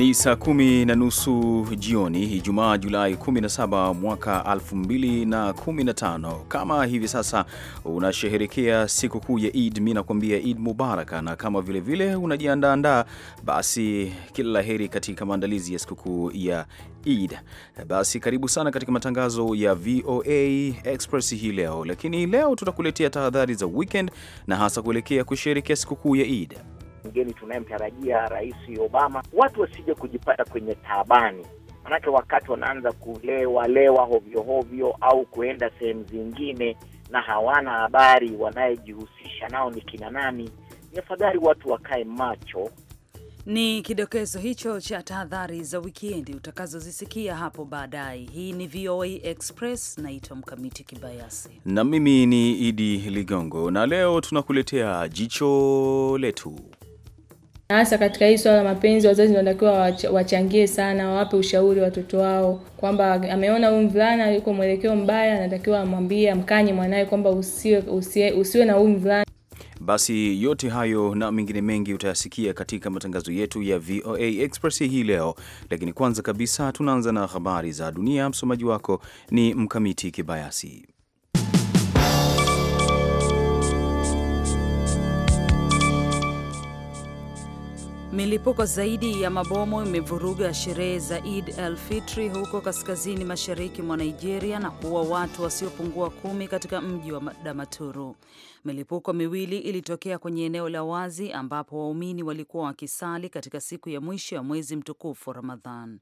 Ni saa kumi na nusu jioni Ijumaa, Julai 17 mwaka 2015. Kama hivi sasa unasherehekea sikukuu ya Eid, mi nakuambia Eid mubaraka, na kama vilevile unajiandaandaa, basi kila la heri katika maandalizi ya sikukuu ya Eid. Basi karibu sana katika matangazo ya VOA Express hii leo, lakini leo tutakuletea tahadhari za weekend na hasa kuelekea kusherehekea sikukuu ya Eid mgeni tunayemtarajia Rais Obama, watu wasije kujipata kwenye taabani, manake wakati wanaanza kulewalewa hovyohovyo au kuenda sehemu zingine na hawana habari wanayejihusisha nao ni kina nani, ni afadhali watu wakae macho. Ni kidokezo hicho cha tahadhari za wikiendi utakazozisikia hapo baadaye. Hii ni VOA Express, naitwa Mkamiti Kibayasi na mimi ni Idi Ligongo, na leo tunakuletea jicho letu. Hasa katika hii swala la mapenzi, wazazi wanatakiwa wachangie sana, wawape ushauri watoto wao kwamba ameona huyu mvulana yuko mwelekeo mbaya, anatakiwa amwambie, amkanye mwanaye kwamba usiwe, usiwe, usiwe na huyu mvulana. Basi yote hayo na mengine mengi utayasikia katika matangazo yetu ya VOA Express hii leo, lakini kwanza kabisa tunaanza na habari za dunia. Msomaji wako ni Mkamiti Kibayasi. Milipuko zaidi ya mabomu imevuruga sherehe za Eid al Fitri huko kaskazini mashariki mwa Nigeria na kuua watu wasiopungua kumi katika mji wa Damaturu. Milipuko miwili ilitokea kwenye eneo la wazi ambapo waumini walikuwa wakisali katika siku ya mwisho ya mwezi mtukufu Ramadhan.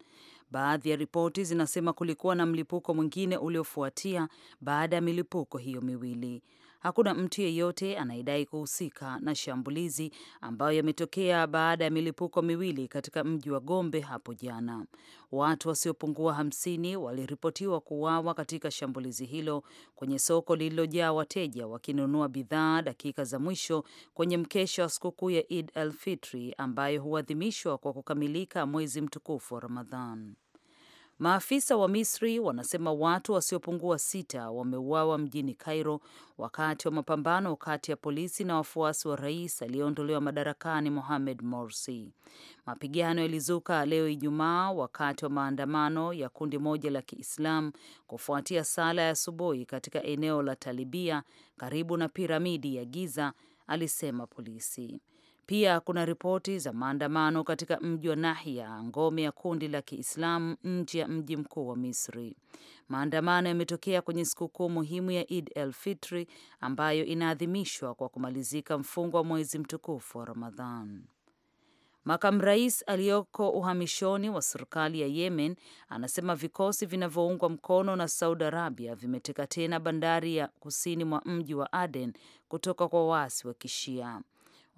Baadhi ya ripoti zinasema kulikuwa na mlipuko mwingine uliofuatia baada ya milipuko hiyo miwili. Hakuna mtu yeyote anayedai kuhusika na shambulizi ambayo yametokea baada ya milipuko miwili katika mji wa Gombe hapo jana. Watu wasiopungua hamsini waliripotiwa kuuawa katika shambulizi hilo kwenye soko lililojaa wateja wakinunua bidhaa dakika za mwisho kwenye mkesha wa sikukuu ya Id al-Fitri ambayo huadhimishwa kwa kukamilika mwezi mtukufu wa Ramadhan. Maafisa wa Misri wanasema watu wasiopungua sita wameuawa mjini Cairo wakati wa mapambano kati ya polisi na wafuasi wa rais aliyeondolewa madarakani Mohamed Morsi. Mapigano yalizuka leo Ijumaa wakati wa maandamano ya kundi moja la Kiislamu kufuatia sala ya asubuhi katika eneo la Talibia karibu na piramidi ya Giza, alisema polisi. Pia kuna ripoti za maandamano katika mji wa Nahia, ngome ya kundi la Kiislamu nje ya mji mkuu wa Misri. Maandamano yametokea kwenye sikukuu muhimu ya Id el Fitri ambayo inaadhimishwa kwa kumalizika mfungo wa mwezi mtukufu wa Ramadhan. Makamu rais aliyoko uhamishoni wa serikali ya Yemen anasema vikosi vinavyoungwa mkono na Saudi Arabia vimeteka tena bandari ya kusini mwa mji wa Aden kutoka kwa waasi wa Kishia.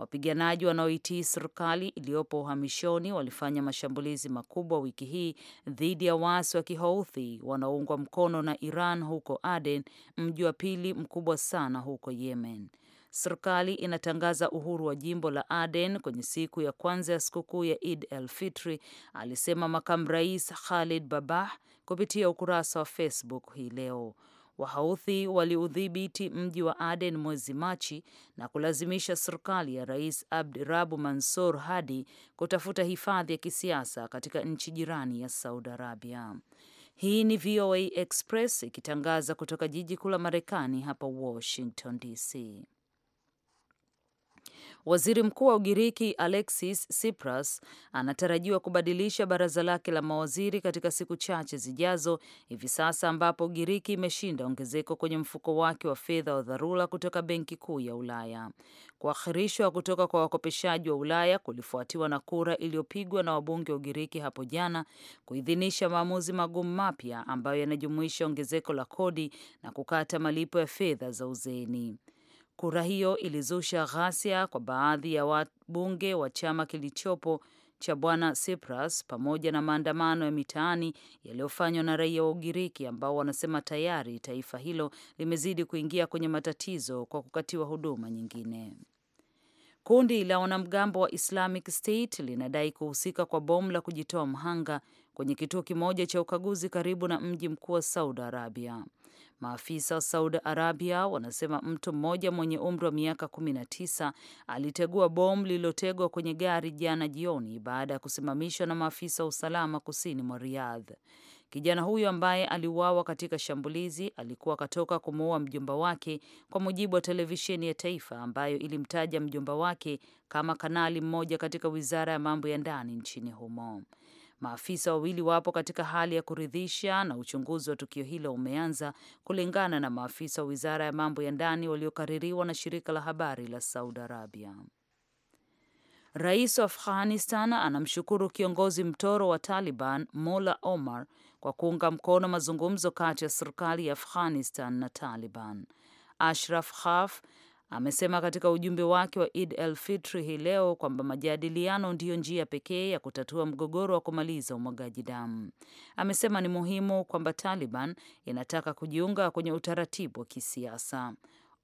Wapiganaji wanaoitii serikali iliyopo uhamishoni walifanya mashambulizi makubwa wiki hii dhidi ya waasi wa Kihouthi wanaoungwa mkono na Iran huko Aden, mji wa pili mkubwa sana huko Yemen. Serikali inatangaza uhuru wa jimbo la Aden kwenye siku ya kwanza ya sikukuu ya Id el Fitri, alisema makamu rais Khalid Babah kupitia ukurasa wa Facebook hii leo. Wahauthi waliudhibiti mji wa Aden mwezi Machi na kulazimisha serikali ya Rais abdirabu Mansur Hadi kutafuta hifadhi ya kisiasa katika nchi jirani ya Saudi Arabia. Hii ni VOA Express ikitangaza kutoka jiji kuu la Marekani hapa Washington DC. Waziri Mkuu wa Ugiriki Alexis Tsipras anatarajiwa kubadilisha baraza lake la mawaziri katika siku chache zijazo, hivi sasa ambapo Ugiriki imeshinda ongezeko kwenye mfuko wake wa fedha wa dharura kutoka Benki Kuu ya Ulaya. Kuakhirishwa kutoka kwa wakopeshaji wa Ulaya kulifuatiwa na kura iliyopigwa na wabunge wa Ugiriki hapo jana kuidhinisha maamuzi magumu mapya ambayo yanajumuisha ongezeko la kodi na kukata malipo ya fedha za uzeeni. Kura hiyo ilizusha ghasia kwa baadhi ya wabunge wa chama kilichopo cha bwana Tsipras pamoja na maandamano ya mitaani yaliyofanywa na raia wa Ugiriki ambao wanasema tayari taifa hilo limezidi kuingia kwenye matatizo kwa kukatiwa huduma nyingine. Kundi la wanamgambo wa Islamic State linadai kuhusika kwa bomu la kujitoa mhanga kwenye kituo kimoja cha ukaguzi karibu na mji mkuu wa Saudi Arabia. Maafisa wa Saudi Arabia wanasema mtu mmoja mwenye umri wa miaka 19 alitegua bomu lililotegwa kwenye gari jana jioni baada ya kusimamishwa na maafisa wa usalama kusini mwa Riyadh. Kijana huyo ambaye aliuawa katika shambulizi alikuwa akatoka kumuua mjomba wake, kwa mujibu wa televisheni ya taifa ambayo ilimtaja mjomba wake kama kanali mmoja katika wizara ya mambo ya ndani nchini humo. Maafisa wawili wapo katika hali ya kuridhisha na uchunguzi wa tukio hilo umeanza, kulingana na maafisa wa wizara ya mambo ya ndani waliokaririwa na shirika la habari la Saudi Arabia. Rais wa Afghanistan anamshukuru kiongozi mtoro wa Taliban Mola Omar kwa kuunga mkono mazungumzo kati ya serikali ya Afghanistan na Taliban. Ashraf Ghani amesema katika ujumbe wake wa Id el Fitri hii leo kwamba majadiliano ndiyo njia pekee ya kutatua mgogoro wa kumaliza umwagaji damu. Amesema ni muhimu kwamba Taliban inataka kujiunga kwenye utaratibu wa kisiasa.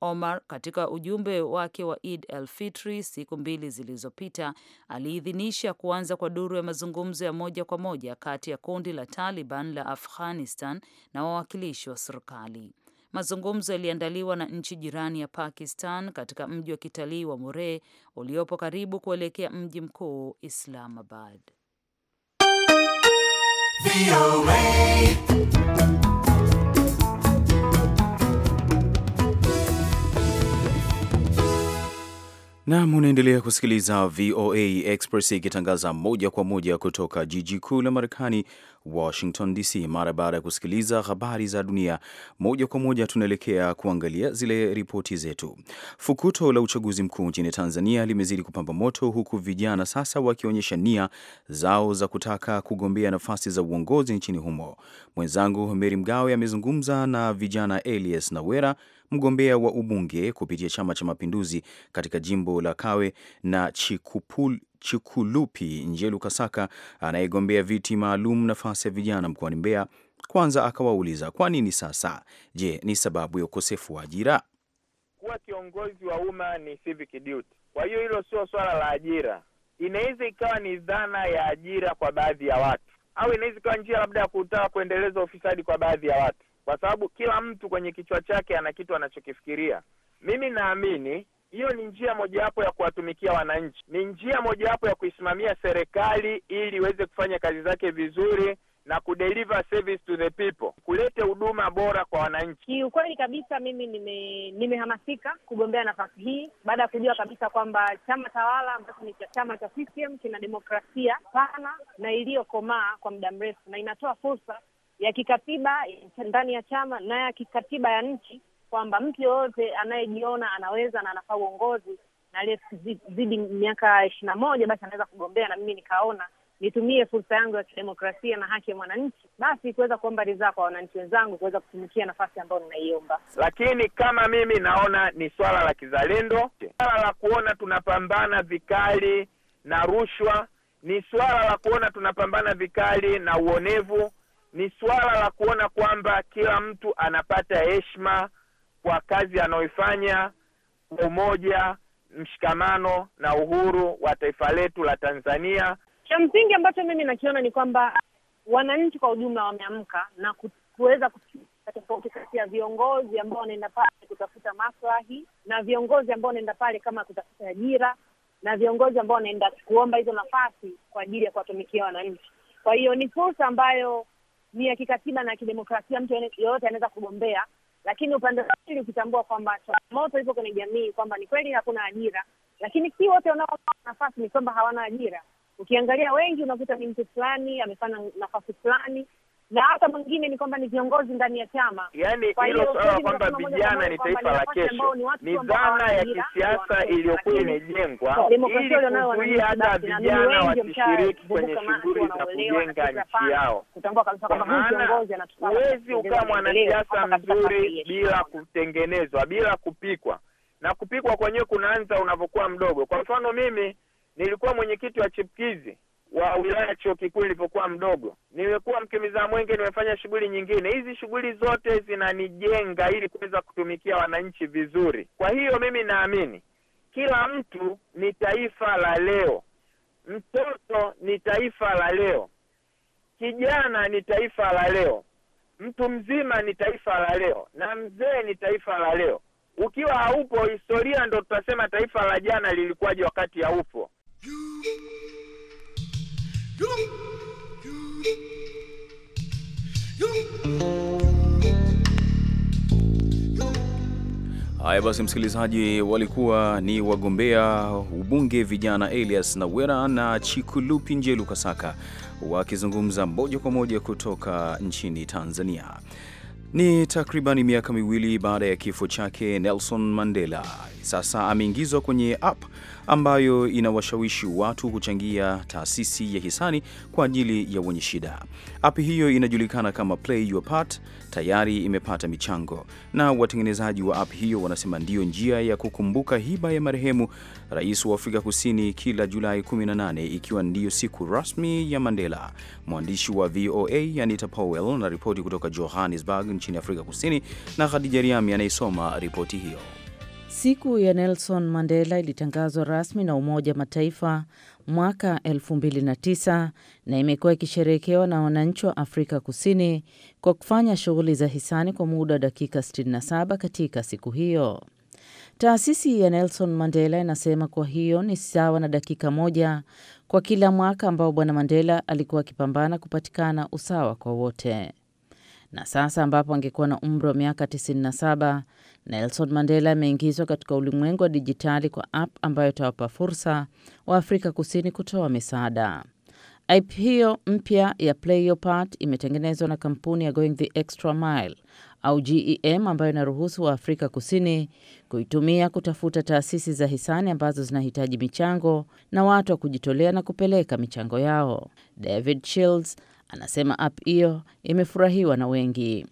Omar katika ujumbe wake wa Id el Fitri siku mbili zilizopita aliidhinisha kuanza kwa duru ya mazungumzo ya moja kwa moja kati ya kundi la Taliban la Afghanistan na wawakilishi wa serikali. Mazungumzo yaliandaliwa na nchi jirani ya Pakistan katika mji wa kitalii wa more uliopo karibu kuelekea mji mkuu Islamabad. Nam, unaendelea kusikiliza VOA Express ikitangaza moja kwa moja kutoka jiji kuu la Marekani, Washington DC. Mara baada ya kusikiliza habari za dunia moja kwa moja, tunaelekea kuangalia zile ripoti zetu. Fukuto la uchaguzi mkuu nchini Tanzania limezidi kupamba moto, huku vijana sasa wakionyesha nia zao za kutaka kugombea nafasi za uongozi nchini humo. Mwenzangu Meri Mgawe amezungumza na vijana Elias Nawera mgombea wa ubunge kupitia Chama cha Mapinduzi katika jimbo la Kawe na Chikupul, Chikulupi Njelu Kasaka anayegombea viti maalum nafasi ya vijana mkoani Mbeya. Kwanza akawauliza kwa nini sasa? Je, ni sababu ya ukosefu wa ajira? Kuwa kiongozi wa umma ni civic duty, kwa hiyo hilo sio swala la ajira. Inaweza ikawa ni dhana ya ajira kwa baadhi ya watu, au inaweza ikawa njia labda ya kutaka kuendeleza ufisadi kwa baadhi ya watu kwa sababu kila mtu kwenye kichwa chake ana kitu anachokifikiria. Mimi naamini hiyo ni njia mojawapo ya kuwatumikia wananchi, ni njia mojawapo ya kuisimamia serikali ili iweze kufanya kazi zake vizuri na kudeliver service to the people, kulete huduma bora kwa wananchi. Kiukweli kabisa mimi nime, nimehamasika kugombea nafasi hii baada ya kujua kabisa kwamba chama tawala ambacho ni cha chama cha CCM kina demokrasia pana na iliyokomaa kwa muda mrefu na inatoa fursa ya kikatiba ndani ya chama na ya kikatiba ya nchi kwamba mtu yoyote anayejiona anaweza na anafaa uongozi na aliyezidi miaka ishirini na moja basi anaweza kugombea, na mimi nikaona nitumie fursa yangu ya kidemokrasia na haki ya mwananchi basi kuweza kuomba ridhaa kwa wananchi wenzangu kuweza kutumikia nafasi ambayo ninaiomba. Lakini kama mimi naona ni swala la kizalendo, swala la kuona tunapambana vikali na rushwa, ni swala la kuona tunapambana vikali na uonevu ni swala la kuona kwamba kila mtu anapata heshima kwa kazi anayoifanya, umoja, mshikamano na uhuru wa taifa letu la Tanzania. Cha msingi ambacho mimi nakiona ni kwamba wananchi kwa ujumla wameamka na kuweza tofauti kati ya viongozi ambao wanaenda pale kutafuta maslahi na viongozi ambao wanaenda pale kama kutafuta ajira na viongozi ambao wanaenda kuomba hizo nafasi kwa ajili ya kuwatumikia wananchi. Kwa hiyo ni fursa ambayo ni ya kikatiba na kidemokrasia, mtu yoyote anaweza kugombea. Lakini upande wa pili ukitambua kwamba changamoto ipo kwenye jamii, kwamba ni kweli hakuna ajira, lakini si wote wanao nafasi, ni kwamba hawana ajira. Ukiangalia wengi unakuta ni mtu fulani amefanya nafasi fulani, na hata mwingine ni kwamba ni viongozi ndani ya chama. Yani hilo swala la kwamba vijana ni taifa la kesho ni dhana ya kisiasa iliyokuwa imejengwa ili kuzuia hata vijana wasishiriki kwenye shughuli za kujenga nchi yao, kwa maana huwezi ukawa mwanasiasa mzuri bila kutengenezwa, bila kupikwa, na kupikwa kwenyewe kunaanza unavyokuwa mdogo. Kwa mfano, mimi nilikuwa mwenyekiti wa chipkizi wa wilaya chuo kikuu ilipokuwa mdogo, nimekuwa mkimbiza mwenge, nimefanya shughuli nyingine. Hizi shughuli zote zinanijenga ili kuweza kutumikia wananchi vizuri. Kwa hiyo mimi naamini kila mtu ni taifa la leo, mtoto ni taifa la leo, kijana ni taifa la leo, mtu mzima ni taifa la leo, na mzee ni taifa la leo. Ukiwa haupo, historia ndo tutasema taifa la jana lilikuwaje wakati haupo. Haya basi, msikilizaji, walikuwa ni wagombea ubunge vijana Elias Nawera na Chikulupi Njelu Kasaka wakizungumza moja kwa moja kutoka nchini Tanzania. Ni takriban miaka miwili baada ya kifo chake Nelson Mandela sasa ameingizwa kwenye app ambayo inawashawishi watu kuchangia taasisi ya hisani kwa ajili ya wenye shida. App hiyo inajulikana kama Play Your Part, tayari imepata michango, na watengenezaji wa app hiyo wanasema ndiyo njia ya kukumbuka hiba ya marehemu rais wa Afrika Kusini kila Julai 18 ikiwa ndiyo siku rasmi ya Mandela. Mwandishi wa VOA Anita Powell na ripoti kutoka Johannesburg nchini Afrika Kusini, na Khadija Riami anayesoma ripoti hiyo. Siku ya Nelson Mandela ilitangazwa rasmi na Umoja wa Mataifa mwaka 2009 na imekuwa ikisherehekewa na wananchi wa Afrika Kusini kwa kufanya shughuli za hisani kwa muda wa dakika 67 katika siku hiyo. Taasisi ya Nelson Mandela inasema kuwa hiyo ni sawa na dakika moja kwa kila mwaka ambao Bwana Mandela alikuwa akipambana kupatikana usawa kwa wote na sasa ambapo angekuwa na umri wa miaka 97, Nelson Mandela ameingizwa katika ulimwengu wa dijitali kwa app ambayo itawapa fursa wa Afrika Kusini kutoa misaada. App hiyo mpya ya Play Your Part imetengenezwa na kampuni ya Going the Extra Mile au GEM ambayo inaruhusu wa Afrika Kusini kuitumia kutafuta taasisi za hisani ambazo zinahitaji michango na watu wa kujitolea na kupeleka michango yao. David Shields Anasema app hiyo imefurahiwa na wengi.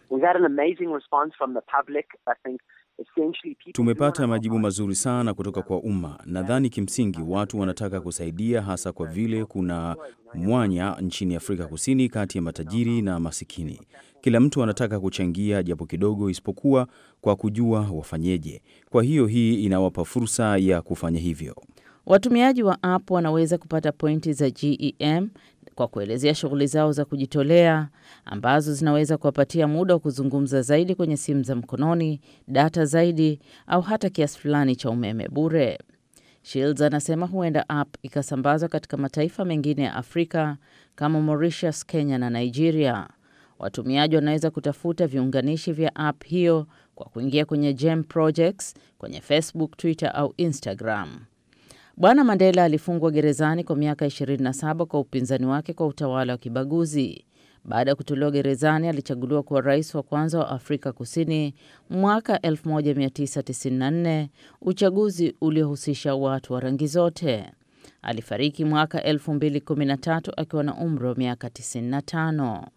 Tumepata majibu mazuri sana kutoka kwa umma. Nadhani kimsingi watu wanataka kusaidia, hasa kwa vile kuna mwanya nchini Afrika Kusini kati ya matajiri na masikini. Kila mtu anataka kuchangia japo kidogo, isipokuwa kwa kujua wafanyeje. Kwa hiyo hii inawapa fursa ya kufanya hivyo. Watumiaji wa app wanaweza kupata pointi za GEM kwa kuelezea shughuli zao za kujitolea ambazo zinaweza kuwapatia muda wa kuzungumza zaidi kwenye simu za mkononi, data zaidi, au hata kiasi fulani cha umeme bure. Shields anasema huenda app ikasambazwa katika mataifa mengine ya Afrika kama Mauritius, Kenya na Nigeria. Watumiaji wanaweza kutafuta viunganishi vya app hiyo kwa kuingia kwenye Gem Projects kwenye Facebook, Twitter au Instagram. Bwana Mandela alifungwa gerezani kwa miaka 27 kwa upinzani wake kwa utawala wa kibaguzi. Baada ya kutolewa gerezani, alichaguliwa kuwa rais wa kwanza wa Afrika Kusini mwaka 1994, uchaguzi uliohusisha watu wa rangi zote. Alifariki mwaka 2013 akiwa na umri wa miaka 95.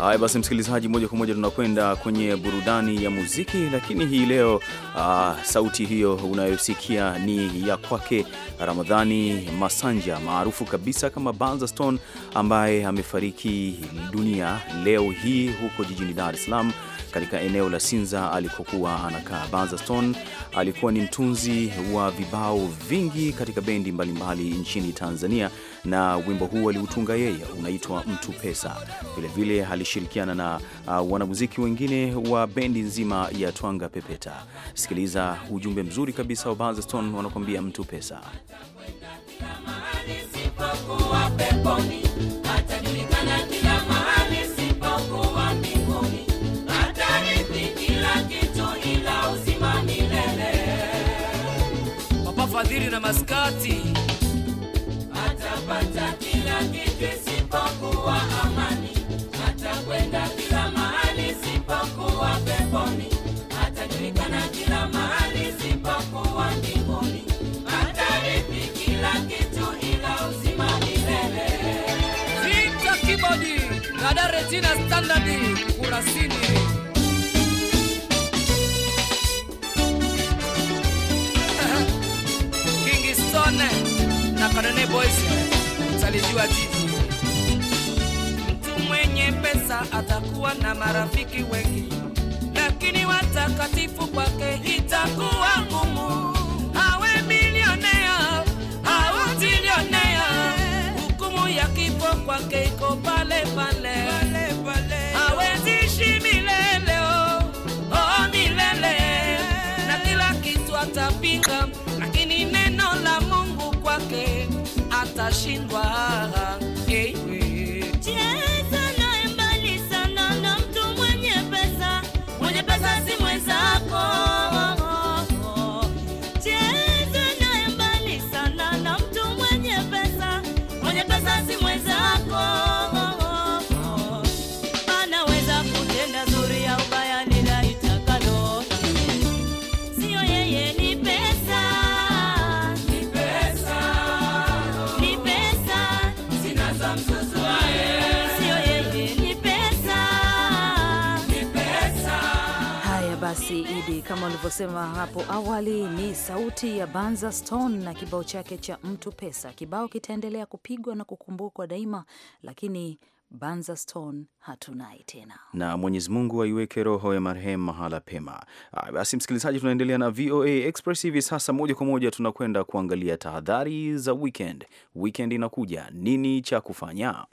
Haya basi, msikilizaji, moja kwa moja tunakwenda kwenye burudani ya muziki, lakini hii leo uh, sauti hiyo unayosikia ni ya kwake Ramadhani Masanja maarufu kabisa kama Banza Stone ambaye amefariki dunia leo hii huko jijini Dar es Salaam katika eneo la Sinza alikokuwa anakaa. Bazaston alikuwa ni mtunzi wa vibao vingi katika bendi mbalimbali mbali nchini Tanzania, na wimbo huu aliutunga yeye, unaitwa Mtu Pesa. Vilevile alishirikiana na uh, wanamuziki wengine wa bendi nzima ya Twanga Pepeta. Sikiliza ujumbe mzuri kabisa wa Bazaston, wanakuambia Mtu Pesa. Kajuni na Maskati. Atapata kila kitu isipokuwa amani, atakwenda kila mahali isipokuwa peponi, atajulikana kila mahali isipokuwa mbinguni, atarithi kila kitu ila uzima milele. Vita Kibodi na standardi kurasini Jamani boys, utalijua titi. Mtu mwenye pesa atakuwa na marafiki wengi, lakini watakatifu kwake itakuwa ngumu. Santa tá kama ulivyosema hapo awali, ni sauti ya Banza Stone na kibao chake cha mtu pesa. Kibao kitaendelea kupigwa na kukumbukwa daima, lakini Banza Stone hatunaye tena, na Mwenyezi Mungu aiweke roho ya marehemu mahala pema. Basi msikilizaji, tunaendelea na VOA Express hivi sasa, moja kwa moja tunakwenda kuangalia tahadhari za weekend. Weekend inakuja, nini cha kufanya?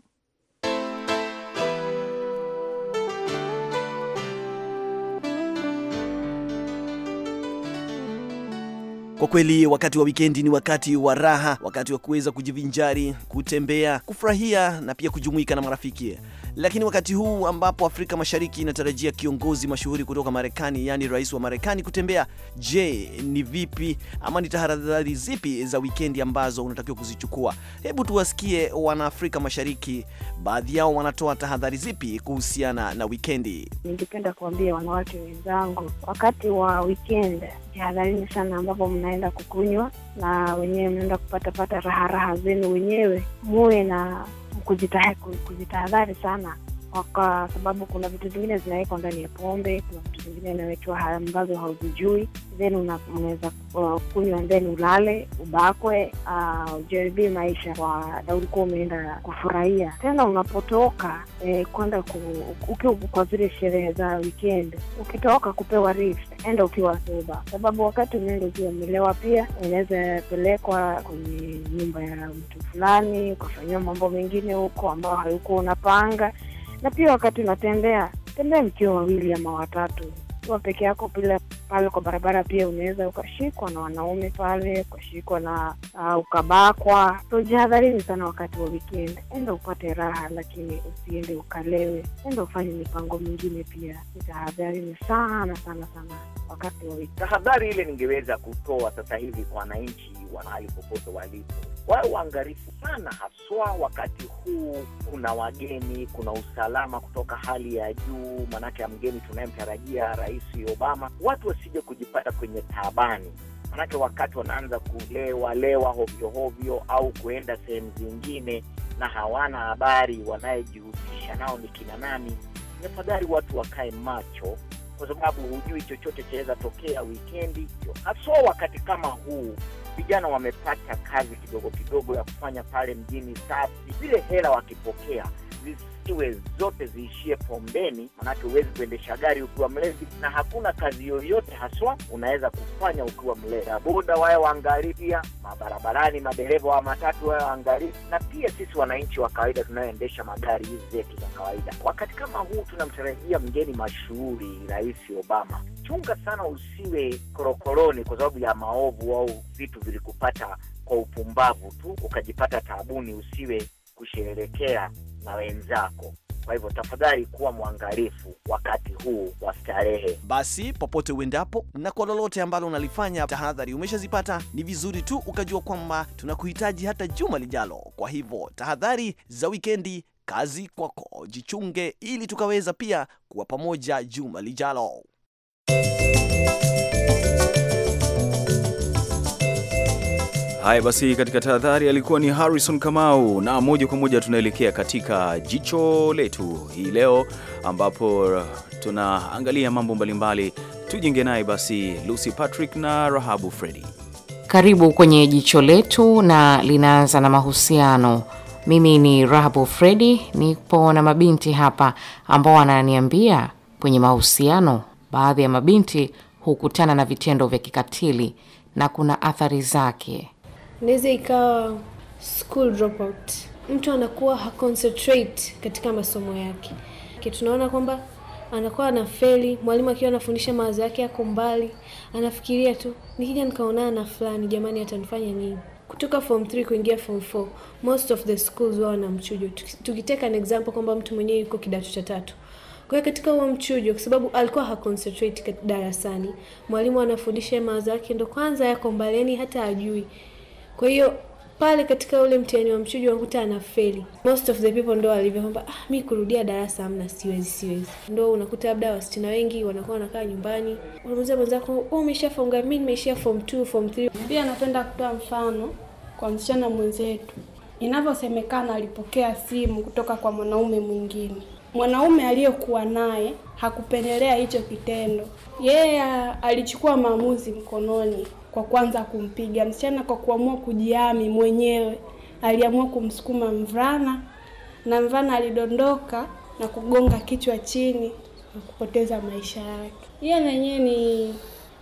Kwa kweli wakati wa wikendi ni wakati wa raha, wakati wa kuweza kujivinjari, kutembea, kufurahia na pia kujumuika na marafiki. Lakini wakati huu ambapo Afrika Mashariki inatarajia kiongozi mashuhuri kutoka Marekani, yaani rais wa Marekani kutembea, je, ni vipi ama ni tahadhari zipi za wikendi ambazo unatakiwa kuzichukua? Hebu tuwasikie Wanaafrika Mashariki, baadhi yao wanatoa tahadhari zipi kuhusiana na wikendi. Ningependa kuambia wanawake wenzangu, wakati wa wikendi jihadharini sana ambapo mna mnaenda kukunywa na wenyewe mnaenda kupatapata pata raharaha zenu wenyewe, muwe na kujitahadhari sana kwa sababu kuna vitu vingine zinawekwa ndani ya pombe, kuna vitu vingine inawekwa ambazo hauzijui, then unaweza uh, kunywa then ulale, ubakwe, uh, ujaribie maisha kwa na ulikuwa umeenda kufurahia. Tena unapotoka eh, kwenda ukiwa kwa zile sherehe za weekend, ukitoka kupewa rift, enda ukiwa soba, sababu wakati unaenda ukiwa umelewa, pia unaweza pelekwa kwenye nyumba ya mtu fulani ukafanyiwa mambo mengine huko ambao haikuwa unapanga na pia wakati unatembea tembea mkiwa wawili ama watatu wa peke yako pile pale kwa barabara, pia unaweza ukashikwa na wanaume pale, ukashikwa na uh, ukabakwa. So jihadharini sana wakati wa wikendi Enda upate raha, lakini usiende ukalewe. Enda ufanye mipango mingine pia. itahadharini sana sana sana wakati wa weekend. Tahadhari ile ningeweza kutoa sasa hivi kwa wananchi mahali popote walipo, wawe waangalifu sana, haswa wakati huu kuna wageni, kuna usalama kutoka hali ya juu, maanake ya mgeni tunayemtarajia Rais Obama, watu wasije kujipata kwenye taabani manake wakati wanaanza kulewa lewa hovyo hovyo au kuenda sehemu zingine na hawana habari wanayejihusisha nao ni kina nani, ni afadhali watu wakae macho, kwa sababu hujui chochote chaweza tokea wikendi, haswa wakati kama huu vijana wamepata kazi kidogo kidogo ya kufanya pale mjini safi, zile hela wakipokea iwe zote ziishie pombeni, manake huwezi kuendesha gari ukiwa mlevi, na hakuna kazi yoyote haswa unaweza kufanya ukiwa mlevi. Boda wayo waangalie pia, mabarabarani madereva wa matatu wayo waangalie, na pia sisi wananchi wa kawaida tunayoendesha magari hizi zetu za kawaida. Wakati kama huu tunamtarajia mgeni mashuhuri, Rais Obama. Chunga sana usiwe korokoroni kwa sababu ya maovu au vitu vilikupata kwa upumbavu tu ukajipata taabuni. Usiwe kusherehekea na wenzako. Kwa hivyo tafadhali kuwa mwangalifu wakati huu wa starehe. Basi popote uendapo na kwa lolote ambalo unalifanya, tahadhari umeshazipata. Ni vizuri tu ukajua kwamba tunakuhitaji hata juma lijalo. Kwa hivyo tahadhari za wikendi, kazi kwako, jichunge ili tukaweza pia kuwa pamoja juma lijalo. Haya basi, katika tahadhari alikuwa ni Harrison Kamau, na moja kwa moja tunaelekea katika jicho letu hii leo, ambapo tunaangalia mambo mbalimbali. Tujenge naye basi Lucy Patrick na Rahabu Fredi. Karibu kwenye jicho letu, na linaanza na mahusiano. Mimi ni Rahabu Fredi, nipo na mabinti hapa ambao wananiambia kwenye mahusiano, baadhi ya mabinti hukutana na vitendo vya kikatili na kuna athari zake inaweza ikawa school dropout, mtu anakuwa haconcentrate katika masomo yake. Tunaona kwamba anakuwa anafeli, mwalimu akiwa anafundisha mawazo yake yako mbali, anafikiria tu, nikija nikaonana na fulani, jamani, atanifanya nini? Kutoka form 3 kuingia form 4, most of the schools wao na mchujo. Tukiteka an example kwamba mtu mwenyewe yuko kidato cha tatu kwa hiyo katika huo mchujo, kwa sababu alikuwa haconcentrate darasani, mwalimu anafundisha mawazo yake ndo kwanza yako mbali, yani hata ajui kwa hiyo pale katika ule mtihani wa mchujo unakuta feli most of the people ndo walivyo kwamba ah, mi kurudia darasa amna siwezi siwezi. Ndo unakuta labda wasichana wengi wanakuwa wanakaa nyumbani, unamuuliza mwenzako oh, umeshafunga? Mi nimeishia form 2 form 3. Pia anapenda kutoa mfano kwa msichana mwenzetu, inavyosemekana alipokea simu kutoka kwa mwanaume mwingine mwanaume aliyekuwa naye hakupendelea hicho kitendo, yeye yeah, alichukua maamuzi mkononi kwa kwanza kumpiga msichana, kwa kuamua kujiami mwenyewe. Aliamua kumsukuma mvulana na mvulana alidondoka na kugonga kichwa chini na kupoteza maisha yake. Hiyo yenyewe ni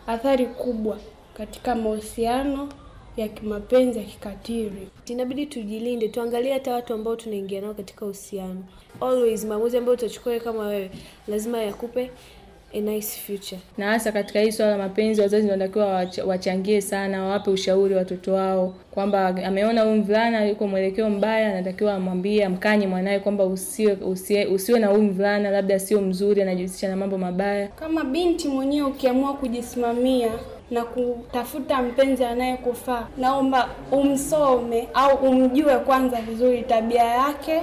athari kubwa katika mahusiano ya kimapenzi ya kikatili. Inabidi tujilinde, tuangalie hata watu ambao tunaingia nao katika uhusiano. Always maamuzi ambayo utachukua kama wewe lazima yakupe a nice future. Na hasa katika hii swala la mapenzi, wazazi wanatakiwa wachangie sana, wawape ushauri watoto wao kwamba ameona huyu mvulana yuko mwelekeo mbaya, anatakiwa amwambie, amkanye mwanaye kwamba usiwe, usiwe, usiwe na huyu mvulana, labda sio mzuri, anajihusisha na mambo mabaya. Kama binti mwenyewe ukiamua kujisimamia na kutafuta mpenzi anayekufaa, naomba umsome au umjue kwanza vizuri tabia yake,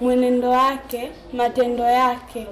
mwenendo wake, matendo yake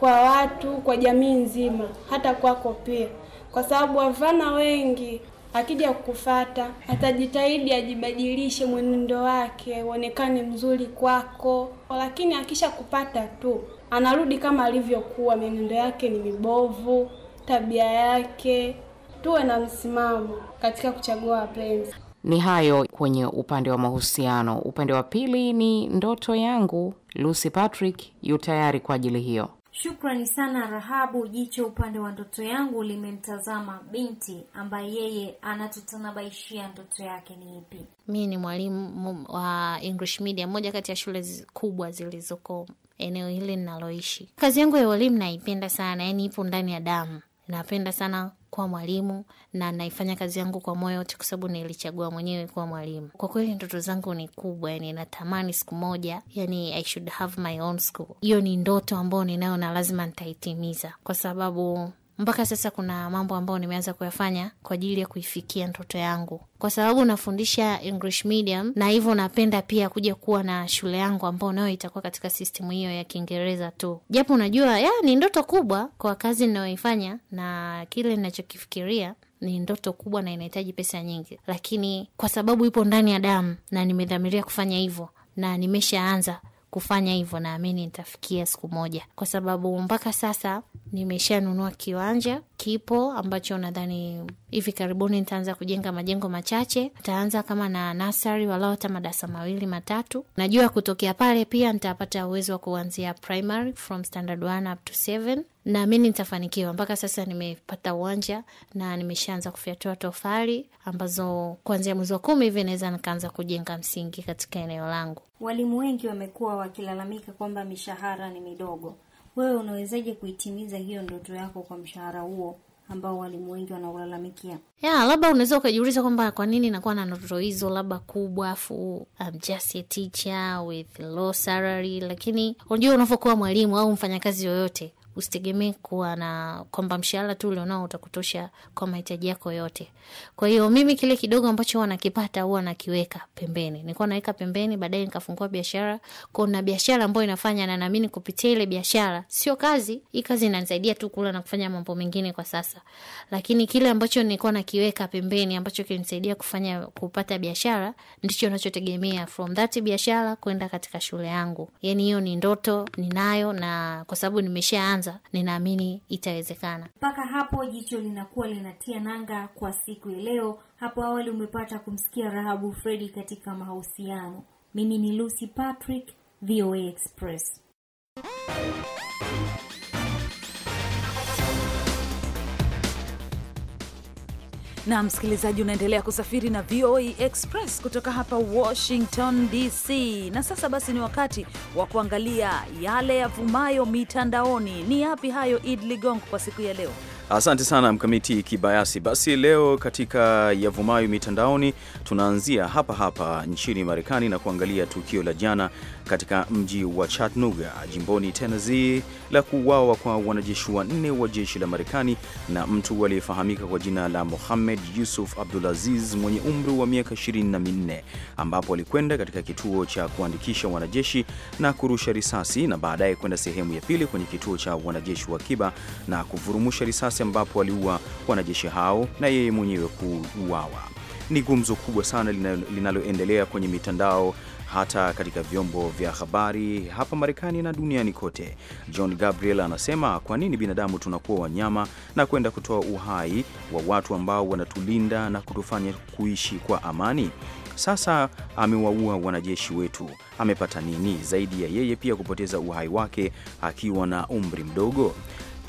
kwa watu, kwa jamii nzima, hata kwako pia, kwa sababu wavana wengi akija kukufata atajitahidi ajibadilishe mwenendo wake uonekane mzuri kwako, lakini akisha kupata tu anarudi kama alivyokuwa. Mwenendo yake ni mibovu, tabia yake. Tuwe na msimamo katika kuchagua wapenzi. Ni hayo kwenye upande wa mahusiano. Upande wa pili ni ndoto yangu. Lucy Patrick yu tayari kwa ajili hiyo. Shukrani sana Rahabu. Jicho upande wa ndoto yangu limemtazama binti ambaye yeye anatutanabaishia ndoto yake ni ipi. Mimi ni mwalimu wa English Media, moja kati ya shule kubwa zilizoko eneo hili ninaloishi. Kazi yangu ya ualimu naipenda sana, yaani ipo ndani ya damu napenda sana kuwa mwalimu na naifanya kazi yangu kwa moyo wote, kwa sababu nilichagua mwenyewe kuwa mwalimu. Kwa kweli ndoto zangu ni kubwa, yani natamani siku moja, yani I should have my own school. Hiyo ni ndoto ambayo ninayo na lazima nitaitimiza, kwa sababu mpaka sasa kuna mambo ambayo nimeanza kuyafanya kwa ajili ya kuifikia ndoto yangu, kwa sababu nafundisha English medium na hivyo napenda pia kuja kuwa na shule yangu ambao nayo itakuwa katika sistemu hiyo ya Kiingereza tu, japo unajua ya, ni ndoto kubwa kwa kazi inayoifanya na kile ninachokifikiria ni ndoto kubwa na inahitaji pesa nyingi, lakini kwa sababu ipo ndani ya damu na nimedhamiria kufanya hivyo na nimeshaanza kufanya hivyo, naamini nitafikia siku moja, kwa sababu mpaka sasa Nimeshanunua kiwanja kipo ambacho nadhani hivi karibuni nitaanza kujenga majengo machache. Nitaanza kama na nasari walao hata madarasa mawili matatu. Najua kutokea pale pia nitapata uwezo wa kuanzia primary from standard one up to 7. Naamini nitafanikiwa. Mpaka sasa nimepata uwanja na nimeshaanza kufyatua tofali ambazo kuanzia mwezi wa kumi hivi naweza nikaanza kujenga msingi katika eneo langu. Walimu wengi wamekuwa wakilalamika kwamba mishahara ni midogo wewe unawezaje kuitimiza hiyo ndoto yako kwa mshahara huo ambao walimu wengi wanaulalamikia? Ya, labda unaweza ukajiuliza kwamba kwa nini nakuwa na ndoto hizo labda kubwa, afu I'm just a teacher with low salary. Lakini unajua unavokuwa mwalimu au mfanyakazi yoyote usitegemee kuwa na kwamba mshahara tu ulionao utakutosha kwa mahitaji yako yote. Kwa hiyo mimi kile kidogo ambacho huwa nakipata huwa nakiweka pembeni, nilikuwa naweka pembeni, baadaye nikafungua biashara kwao na biashara ambayo inafanya na naamini kupitia ile biashara, sio kazi hii, kazi inanisaidia tu kula na kufanya mambo mengine kwa sasa, lakini kile ambacho nilikuwa nakiweka pembeni ambacho kinisaidia kufanya kupata biashara ndicho nachotegemea from that biashara kwenda katika shule yangu. Yani hiyo ni ndoto ninayo, na kwa sababu nimeshaanza kujifunza, ninaamini itawezekana. Mpaka hapo jicho linakuwa linatia nanga kwa siku ya leo. Hapo awali umepata kumsikia Rahabu Fredi katika mahusiano. Mimi ni Lucy Patrick, VOA Express. na msikilizaji, unaendelea kusafiri na VOA Express kutoka hapa Washington DC. Na sasa basi, ni wakati wa kuangalia yale yavumayo mitandaoni. Ni yapi hayo, Id Ligongo, kwa siku ya leo? Asante sana Mkamiti Kibayasi. Basi leo katika yavumayo mitandaoni tunaanzia hapa hapa nchini Marekani na kuangalia tukio la jana katika mji wa Chattanooga jimboni Tennessee la kuuawa kwa wanajeshi wanne wa jeshi la Marekani na mtu aliyefahamika kwa jina la Mohamed Yusuf Abdulaziz mwenye umri wa miaka 24 ambapo alikwenda katika kituo cha kuandikisha wanajeshi na kurusha risasi na baadaye kwenda sehemu ya pili kwenye kituo cha wanajeshi wa kiba na kuvurumusha risasi ambapo aliua wanajeshi hao na yeye mwenyewe kuuawa. Ni gumzo kubwa sana linaloendelea kwenye mitandao hata katika vyombo vya habari hapa Marekani na duniani kote. John Gabriel anasema kwa nini binadamu tunakuwa wanyama na kwenda kutoa uhai wa watu ambao wanatulinda na kutufanya kuishi kwa amani? Sasa amewaua wanajeshi wetu, amepata nini zaidi ya yeye pia kupoteza uhai wake akiwa na umri mdogo?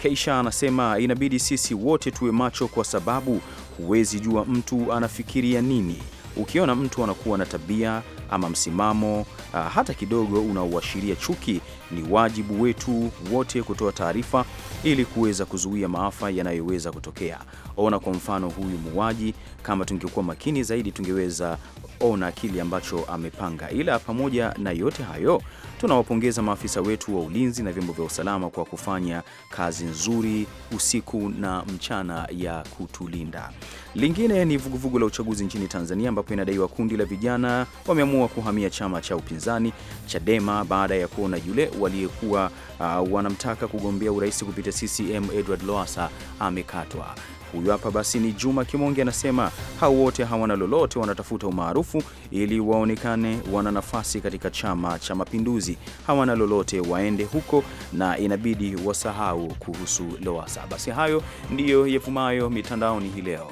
Keisha anasema inabidi sisi wote tuwe macho, kwa sababu huwezi jua mtu anafikiria nini. Ukiona mtu anakuwa na tabia ama msimamo uh, hata kidogo unaoashiria chuki, ni wajibu wetu wote kutoa taarifa ili kuweza kuzuia maafa yanayoweza kutokea. Ona kwa mfano huyu muuaji, kama tungekuwa makini zaidi tungeweza ona kile ambacho amepanga. Ila pamoja na yote hayo Tunawapongeza maafisa wetu wa ulinzi na vyombo vya usalama kwa kufanya kazi nzuri usiku na mchana ya kutulinda. Lingine ni vuguvugu la uchaguzi nchini Tanzania, ambapo inadaiwa kundi la vijana wameamua kuhamia chama cha upinzani Chadema baada ya kuona yule waliyekuwa uh, wanamtaka kugombea urais kupitia CCM Edward Lowassa amekatwa. Huyu hapa basi ni Juma Kimonge anasema hao wote hawana lolote, wanatafuta umaarufu ili waonekane wana nafasi katika Chama cha Mapinduzi. Hawana lolote, waende huko na inabidi wasahau kuhusu Lowasa. Basi hayo ndiyo yevumayo mitandaoni hii leo.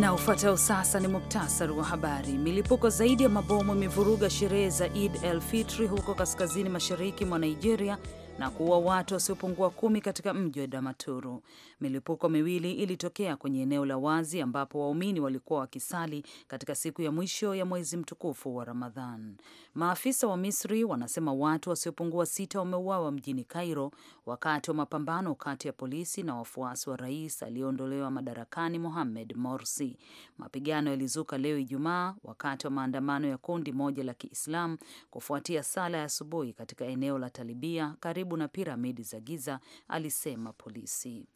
Na ufuatao sasa ni muktasari wa habari. Milipuko zaidi ya mabomu imevuruga sherehe za Eid el Fitri huko kaskazini mashariki mwa Nigeria na kuua watu wasiopungua kumi katika mji wa Damaturu. Milipuko miwili ilitokea kwenye eneo la wazi ambapo waumini walikuwa wakisali katika siku ya mwisho ya mwezi mtukufu wa Ramadhan. Maafisa wa Misri wanasema watu wasiopungua sita wameuawa mjini Cairo wakati wa mapambano kati ya polisi na wafuasi wa rais aliyeondolewa madarakani Mohamed Morsi. Mapigano yalizuka leo Ijumaa wakati wa maandamano ya kundi moja la kiislam kufuatia sala ya asubuhi katika eneo la Talibia karibu na piramidi za Giza, alisema polisi.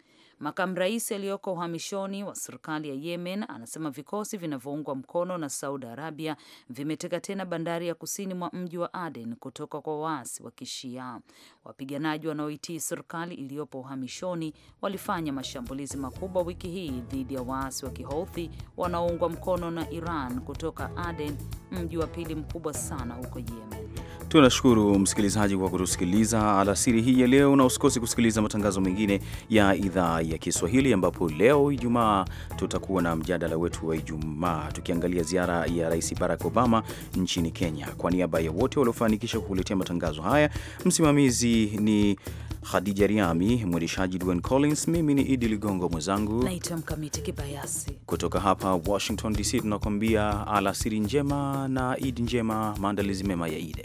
Makamu rais aliyoko uhamishoni wa serikali ya Yemen anasema vikosi vinavyoungwa mkono na Saudi Arabia vimeteka tena bandari ya kusini mwa mji wa Aden kutoka kwa waasi wa Kishia. Wapiganaji wanaoitii serikali iliyopo uhamishoni walifanya mashambulizi makubwa wiki hii dhidi ya waasi wa Kihouthi wanaoungwa mkono na Iran kutoka Aden, mji wa pili mkubwa sana huko Yemen. Tunashukuru msikilizaji kwa kutusikiliza alasiri hii ya leo, na usikose kusikiliza matangazo mengine ya idhaa ya Kiswahili, ambapo leo Ijumaa tutakuwa na mjadala wetu wa Ijumaa tukiangalia ziara ya Rais Barack Obama nchini Kenya. Kwa niaba ya wote waliofanikisha kukuletea matangazo haya, msimamizi ni Khadija Riami, mwendeshaji Dwan Collins, mimi ni Idi Ligongo, mwenzangu naitwa Mkamiti Kibayasi. Kutoka hapa Washington DC tunakuambia alasiri njema na Idi njema, maandalizi mema ya Idi.